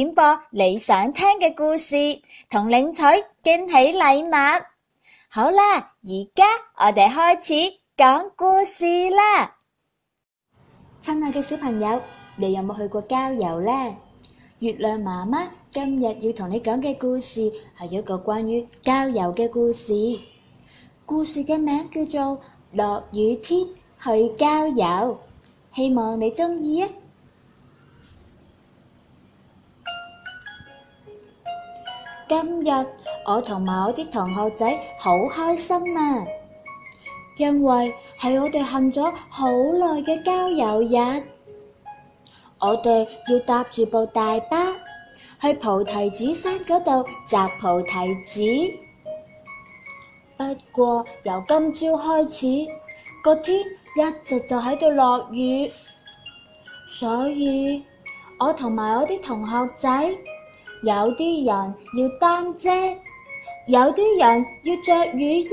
點播你想聽嘅故事，同領取驚喜禮物。好啦，而家我哋開始講故事啦。親愛嘅小朋友，你有冇去過郊遊呢？月亮媽媽今日要同你講嘅故事係一個關於郊遊嘅故事。故事嘅名叫做《落雨天去郊遊》，希望你中意啊！今日我同埋我啲同學仔好開心啊，因為係我哋行咗好耐嘅郊遊日，我哋要搭住部大巴去菩提子山嗰度摘菩提子。不過由今朝開始個天一直就喺度落雨，所以我同埋我啲同學仔。有啲人要擔遮，有啲人要着雨衣。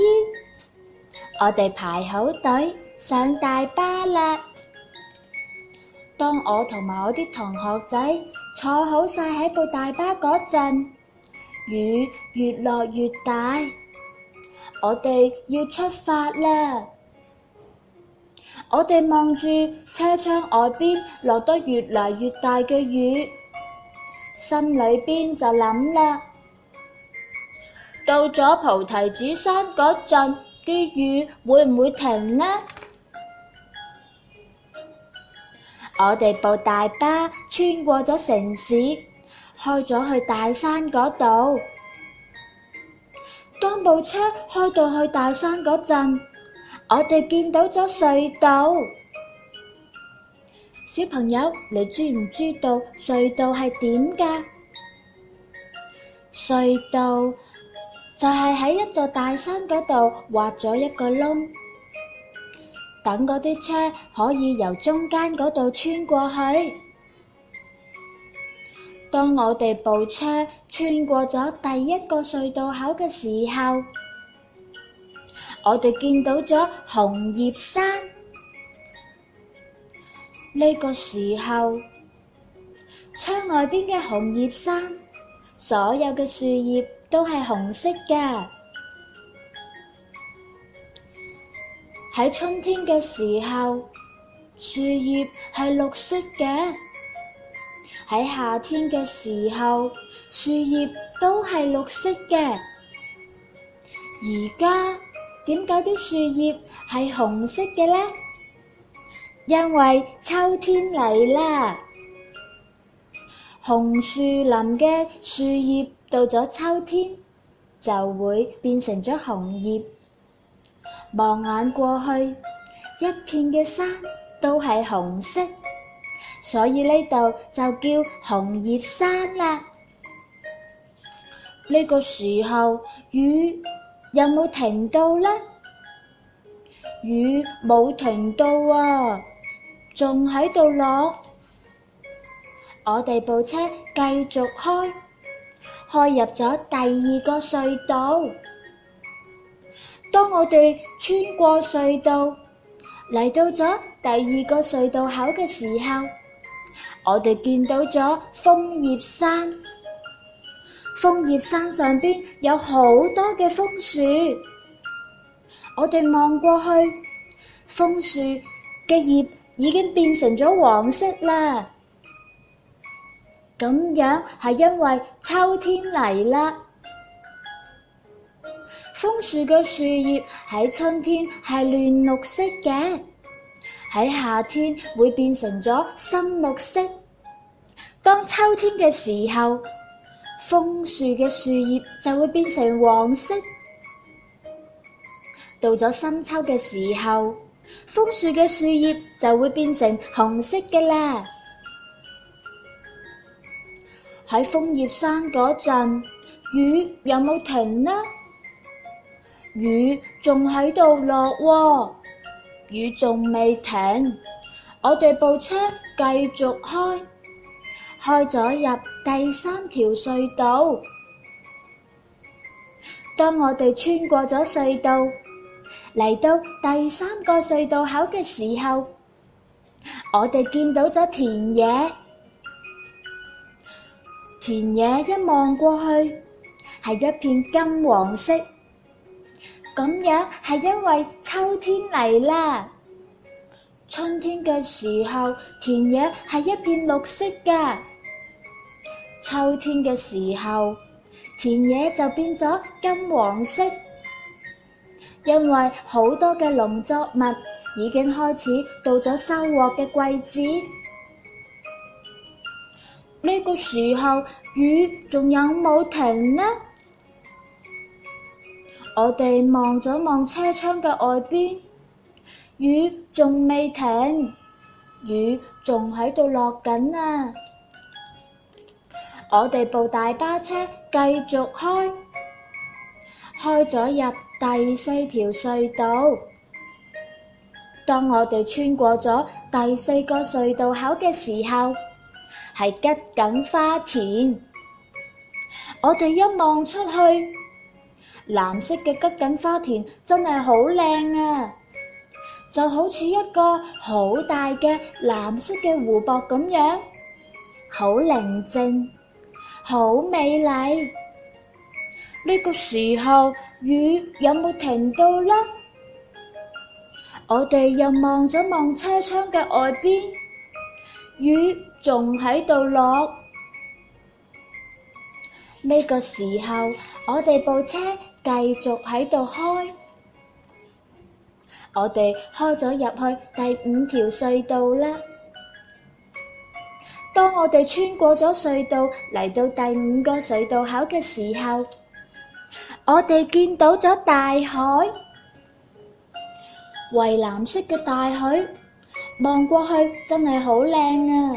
我哋排好隊上大巴啦。當我同埋我啲同學仔坐好晒喺部大巴嗰陣，雨越落越大。我哋要出發啦。我哋望住車窗外邊落得越嚟越大嘅雨。心裏邊就諗啦，到咗菩提子山嗰陣，啲雨會唔會停呢？我哋部大巴穿過咗城市，開咗去大山嗰度。當部車開到去大山嗰陣，我哋見到咗隧道。小朋友，你知唔知道隧道係點㗎？隧道就係喺一座大山嗰度挖咗一個窿，等嗰啲車可以由中間嗰度穿過去。當我哋部車穿過咗第一個隧道口嘅時候，我哋見到咗紅葉山。呢個時候，窗外邊嘅紅葉山，所有嘅樹葉都係紅色嘅。喺春天嘅時候，樹葉係綠色嘅；喺夏天嘅時候，樹葉都係綠色嘅。而家點解啲樹葉係紅色嘅咧？因為秋天嚟啦，紅樹林嘅樹葉到咗秋天就會變成咗紅葉。望眼過去，一片嘅山都係紅色，所以呢度就叫紅葉山啦。呢個時候，雨有冇停到呢？雨冇停到啊！仲喺度落，我哋部車繼續開，開入咗第二個隧道。當我哋穿過隧道，嚟到咗第二個隧道口嘅時候，我哋見到咗楓葉山。楓葉山上邊有好多嘅楓樹。我哋望過去，楓樹嘅葉。已經變成咗黃色啦，咁樣係因為秋天嚟啦。楓樹嘅樹葉喺春天係嫩綠色嘅，喺夏天會變成咗深綠色。當秋天嘅時候，楓樹嘅樹葉就會變成黃色。到咗深秋嘅時候。楓樹嘅樹葉就會變成紅色嘅啦。喺楓葉山嗰陣，雨有冇停呢？雨仲喺度落喎，雨仲未停。我哋部車繼續開，開咗入第三條隧道。當我哋穿過咗隧道。嚟到第三個隧道口嘅時候，我哋見到咗田野。田野一望過去係一片金黃色，咁樣係因為秋天嚟啦。春天嘅時候，田野係一片綠色㗎，秋天嘅時候，田野就變咗金黃色。因為好多嘅農作物已經開始到咗收穫嘅季節，呢個時候，雨仲有冇停呢？我哋望咗望車窗嘅外邊，雨仲未停，雨仲喺度落緊啊！我哋部大巴車繼續開，開咗入。第四條隧道，當我哋穿過咗第四個隧道口嘅時候，係桔梗花田。我哋一望出去，藍色嘅桔梗花田真係好靚啊，就好似一個好大嘅藍色嘅湖泊咁樣，好寧靜，好美麗。呢個時候雨有冇停到呢？我哋又望咗望車窗嘅外邊，雨仲喺度落。呢個時候我哋部車繼續喺度開，我哋開咗入去第五條隧道啦。當我哋穿過咗隧道嚟到第五個隧道口嘅時候，我哋見到咗大海，蔚藍色嘅大海，望過去真係好靚啊！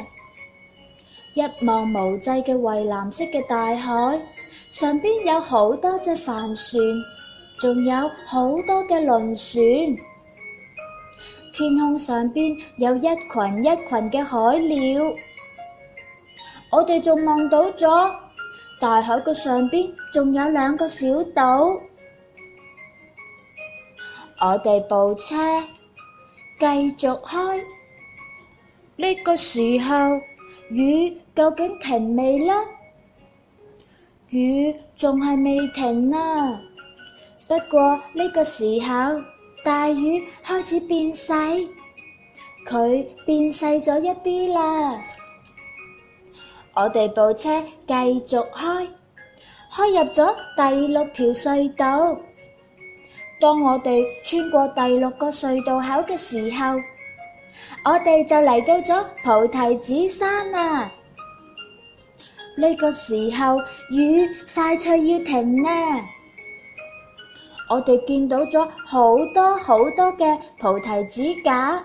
一望無際嘅蔚藍色嘅大海，上邊有好多隻帆船，仲有好多嘅輪船。天空上邊有一群一群嘅海鳥，我哋仲望到咗。大海嘅上邊仲有兩個小島，我哋部車繼續開。呢個時候雨究竟停未呢？雨仲係未停啊！不過呢個時候大雨開始變細，佢變細咗一啲啦。我哋部車繼續開，開入咗第六條隧道。當我哋穿過第六個隧道口嘅時候，我哋就嚟到咗菩提子山啦、啊。呢、這個時候雨快脆要停啦、啊，我哋見到咗好多好多嘅菩提子架。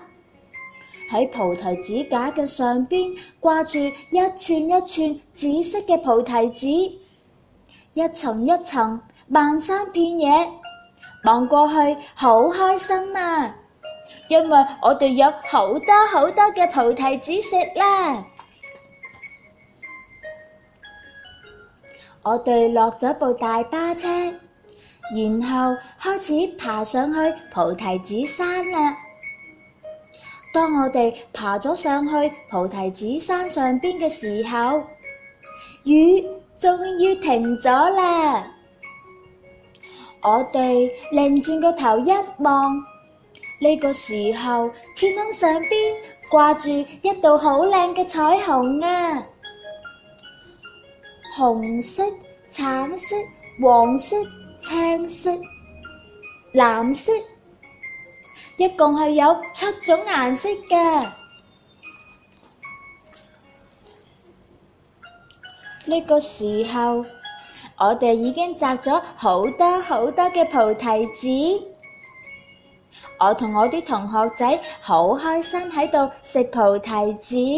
喺菩提子架嘅上邊掛住一串一串紫色嘅菩提子，一層一層漫山遍野，望過去好開心啊！因為我哋有好多好多嘅菩提子食啦。我哋落咗部大巴車，然後開始爬上去菩提子山啦。當我哋爬咗上去菩提子山上邊嘅時候，雨終於停咗啦。我哋擰轉個頭一望，呢個時候天空上邊掛住一道好靚嘅彩虹啊！紅色、橙色、黃色、青色、藍色。一共係有七種顏色㗎。呢個時候，我哋已經摘咗好多好多嘅菩提子。我同我啲同學仔好開心喺度食菩提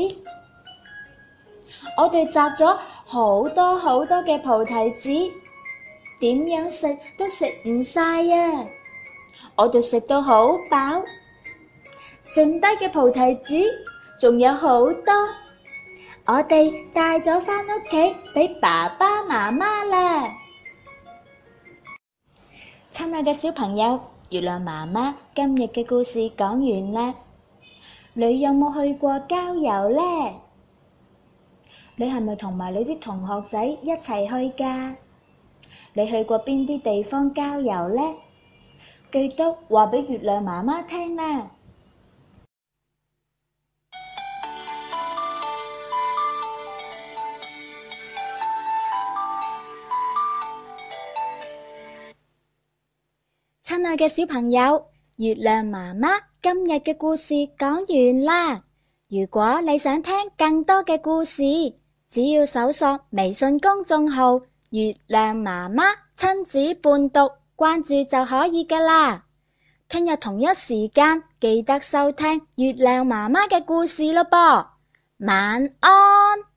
子。我哋摘咗好多好多嘅菩提子，點樣食都食唔晒啊！我哋食到好飽，剩低嘅葡提子仲有好多，我哋帶咗返屋企俾爸爸媽媽啦。親愛嘅小朋友，月亮媽媽今日嘅故事講完啦。你有冇去過郊遊呢？你係咪同埋你啲同學仔一齊去噶？你去過邊啲地方郊遊呢？記得話俾月亮媽媽聽啦，親愛嘅小朋友，月亮媽媽今日嘅故事講完啦。如果你想聽更多嘅故事，只要搜索微信公眾號“月亮媽媽親子伴讀”。關注就可以㗎喇，聽日同一時間記得收聽月亮媽媽嘅故事咯，噃，晚安。